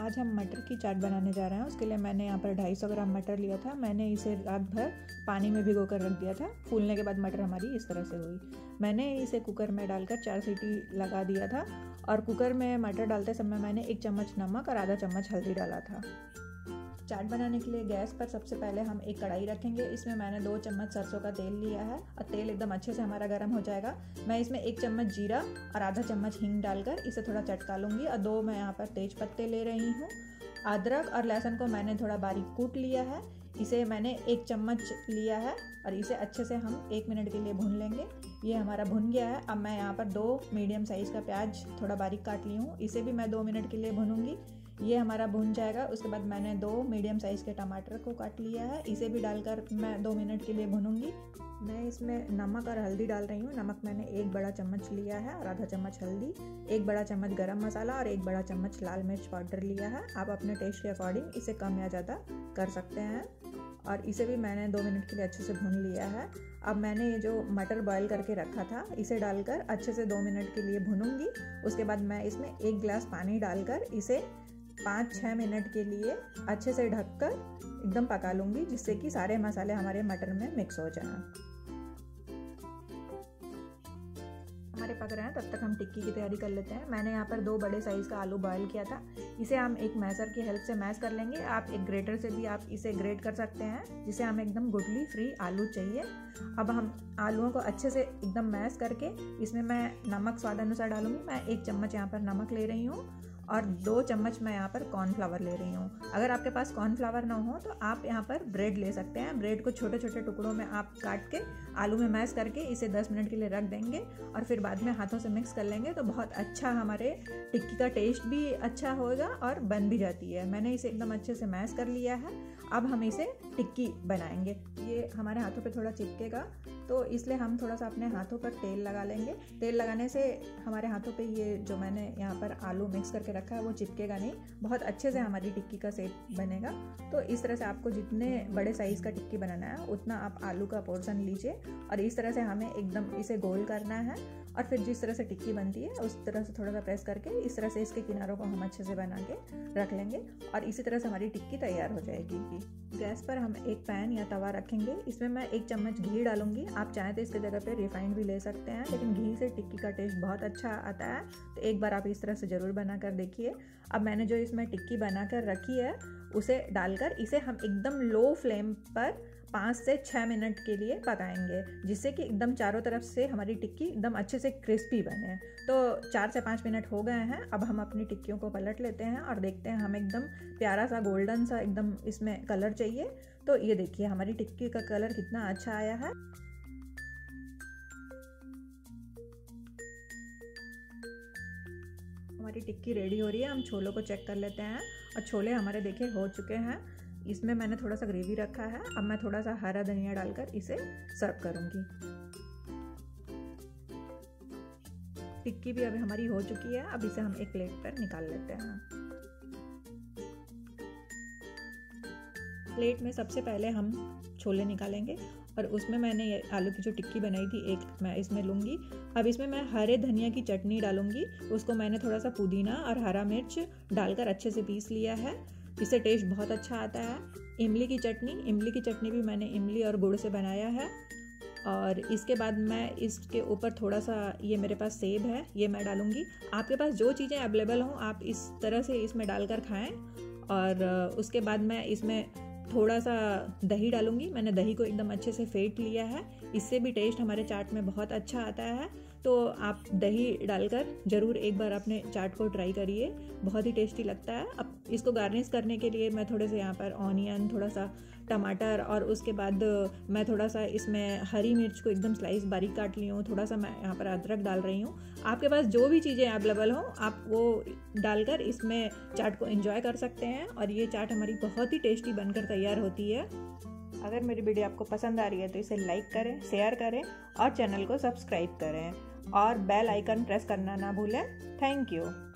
आज हम मटर की चाट बनाने जा रहे हैं उसके लिए मैंने यहाँ पर 250 ग्राम मटर लिया था मैंने इसे रात भर पानी में भिगो कर रख दिया था फूलने के बाद मटर हमारी इस तरह से हुई मैंने इसे कुकर में डालकर चार सीटी लगा दिया था और कुकर में मटर डालते समय मैंने एक चम्मच नमक और आधा चम्मच हल्दी डाला था चाट बनाने के लिए गैस पर सबसे पहले हम एक कढ़ाई रखेंगे इसमें मैंने दो चम्मच सरसों का तेल लिया है और तेल एकदम अच्छे से हमारा गर्म हो जाएगा मैं इसमें एक चम्मच जीरा और आधा चम्मच हींग डालकर इसे थोड़ा चटका लूँगी और दो मैं यहाँ पर तेज पत्ते ले रही हूँ अदरक और लहसुन को मैंने थोड़ा बारीक कूट लिया है इसे मैंने एक चम्मच लिया है और इसे अच्छे से हम एक मिनट के लिए भून लेंगे ये हमारा भुन गया है अब मैं यहाँ पर दो मीडियम साइज़ का प्याज थोड़ा बारीक काट ली हूँ इसे भी मैं दो मिनट के लिए भुनूंगी ये हमारा भुन जाएगा उसके बाद मैंने दो मीडियम साइज़ के टमाटर को काट लिया है इसे भी डालकर मैं दो मिनट के लिए भुनूंगी मैं इसमें नमक और हल्दी डाल रही हूँ नमक मैंने एक बड़ा चम्मच लिया है और आधा चम्मच हल्दी एक बड़ा चम्मच गरम मसाला और एक बड़ा चम्मच लाल मिर्च पाउडर लिया है आप अपने टेस्ट के अकॉर्डिंग इसे कम या ज़्यादा कर सकते हैं और इसे भी मैंने दो मिनट के लिए अच्छे से भून लिया है अब मैंने ये जो मटर बॉयल करके रखा था इसे डालकर अच्छे से दो मिनट के लिए भूनूंगी उसके बाद मैं इसमें एक गिलास पानी डालकर इसे पाँच छः मिनट के लिए अच्छे से ढककर एकदम पका लूँगी जिससे कि सारे मसाले हमारे मटर में मिक्स हो जाएं हमारे पक रहे हैं तब तक हम टिक्की की तैयारी कर लेते हैं मैंने यहाँ पर दो बड़े साइज़ का आलू बॉयल किया था इसे हम एक मैसर की हेल्प से मैश कर लेंगे आप एक ग्रेटर से भी आप इसे ग्रेट कर सकते हैं जिसे हमें एकदम गुटली फ्री आलू चाहिए अब हम आलूओं को अच्छे से एकदम मैश करके इसमें मैं नमक स्वाद अनुसार डालूंगी मैं एक चम्मच यहाँ पर नमक ले रही हूँ और दो चम्मच मैं यहाँ पर कॉर्नफ्लावर ले रही हूँ अगर आपके पास कॉर्नफ्लावर ना हो तो आप यहाँ पर ब्रेड ले सकते हैं ब्रेड को छोटे छोटे टुकड़ों में आप काट के आलू में मैश करके इसे 10 मिनट के लिए रख देंगे और फिर बाद में हाथों से मिक्स कर लेंगे तो बहुत अच्छा हमारे टिक्की का टेस्ट भी अच्छा होगा और बन भी जाती है मैंने इसे एकदम अच्छे से मैश कर लिया है अब हम इसे टिक्की बनाएंगे ये हमारे हाथों पर थोड़ा चिपकेगा तो इसलिए हम थोड़ा सा अपने हाथों पर तेल लगा लेंगे तेल लगाने से हमारे हाथों पे ये जो मैंने यहाँ पर आलू मिक्स करके रखा है वो चिपकेगा नहीं बहुत अच्छे से हमारी टिक्की का सेप बनेगा तो इस तरह से आपको जितने बड़े साइज़ का टिक्की बनाना है उतना आप आलू का पोर्सन लीजिए और इस तरह से हमें एकदम इसे गोल करना है और फिर जिस तरह से टिक्की बनती है उस तरह से थोड़ा सा प्रेस करके इस तरह से इसके किनारों को हम अच्छे से बना के रख लेंगे और इसी तरह से हमारी टिक्की तैयार हो जाएगी गैस पर हम एक पैन या तवा रखेंगे इसमें मैं एक चम्मच घी डालूंगी आप चाहें तो इसके जगह पे रिफाइंड भी ले सकते हैं लेकिन घी से टिक्की का टेस्ट बहुत अच्छा आता है तो एक बार आप इस तरह से ज़रूर बना देखिए अब मैंने जो इसमें टिक्की बना कर रखी है उसे डालकर इसे हम एकदम लो फ्लेम पर पाँच से छः मिनट के लिए पकाएंगे जिससे कि एकदम चारों तरफ से हमारी टिक्की एकदम अच्छे से क्रिस्पी बने तो चार से पाँच मिनट हो गए हैं अब हम अपनी टिक्कियों को पलट लेते हैं और देखते हैं हमें एकदम प्यारा सा गोल्डन सा एकदम इसमें कलर चाहिए तो ये देखिए हमारी टिक्की का कलर कितना अच्छा आया है हमारी टिक्की रेडी हो रही है हम छोलों को चेक कर लेते हैं और छोले हमारे देखे हो चुके हैं इसमें मैंने थोड़ा सा ग्रेवी रखा है अब मैं थोड़ा सा हरा धनिया डालकर इसे सर्व करूँगी टिक्की भी अभी हमारी हो चुकी है अब इसे हम एक प्लेट पर निकाल लेते हैं प्लेट में सबसे पहले हम छोले निकालेंगे और उसमें मैंने आलू की जो टिक्की बनाई थी एक मैं इसमें लूँगी अब इसमें मैं हरे धनिया की चटनी डालूंगी उसको मैंने थोड़ा सा पुदीना और हरा मिर्च डालकर अच्छे से पीस लिया है इससे टेस्ट बहुत अच्छा आता है इमली की चटनी इमली की चटनी भी मैंने इमली और गुड़ से बनाया है और इसके बाद मैं इसके ऊपर थोड़ा सा ये मेरे पास सेब है ये मैं डालूँगी आपके पास जो चीज़ें अवेलेबल हों आप इस तरह से इसमें डालकर खाएं और उसके बाद मैं इसमें थोड़ा सा दही डालूंगी मैंने दही को एकदम अच्छे से फेंट लिया है इससे भी टेस्ट हमारे चाट में बहुत अच्छा आता है तो आप दही डालकर ज़रूर एक बार अपने चाट को ट्राई करिए बहुत ही टेस्टी लगता है अब इसको गार्निश करने के लिए मैं थोड़े से यहाँ पर ऑनियन थोड़ा सा टमाटर और उसके बाद मैं थोड़ा सा इसमें हरी मिर्च को एकदम स्लाइस बारीक काट ली हूँ थोड़ा सा मैं यहाँ पर अदरक डाल रही हूँ आपके पास जो भी चीज़ें अवेलेबल हों आप वो डालकर इसमें चाट को इंजॉय कर सकते हैं और ये चाट हमारी बहुत ही टेस्टी बनकर तैयार तैयार होती है अगर मेरी वीडियो आपको पसंद आ रही है तो इसे लाइक करें शेयर करें और चैनल को सब्सक्राइब करें और बेल आइकन प्रेस करना ना भूलें थैंक यू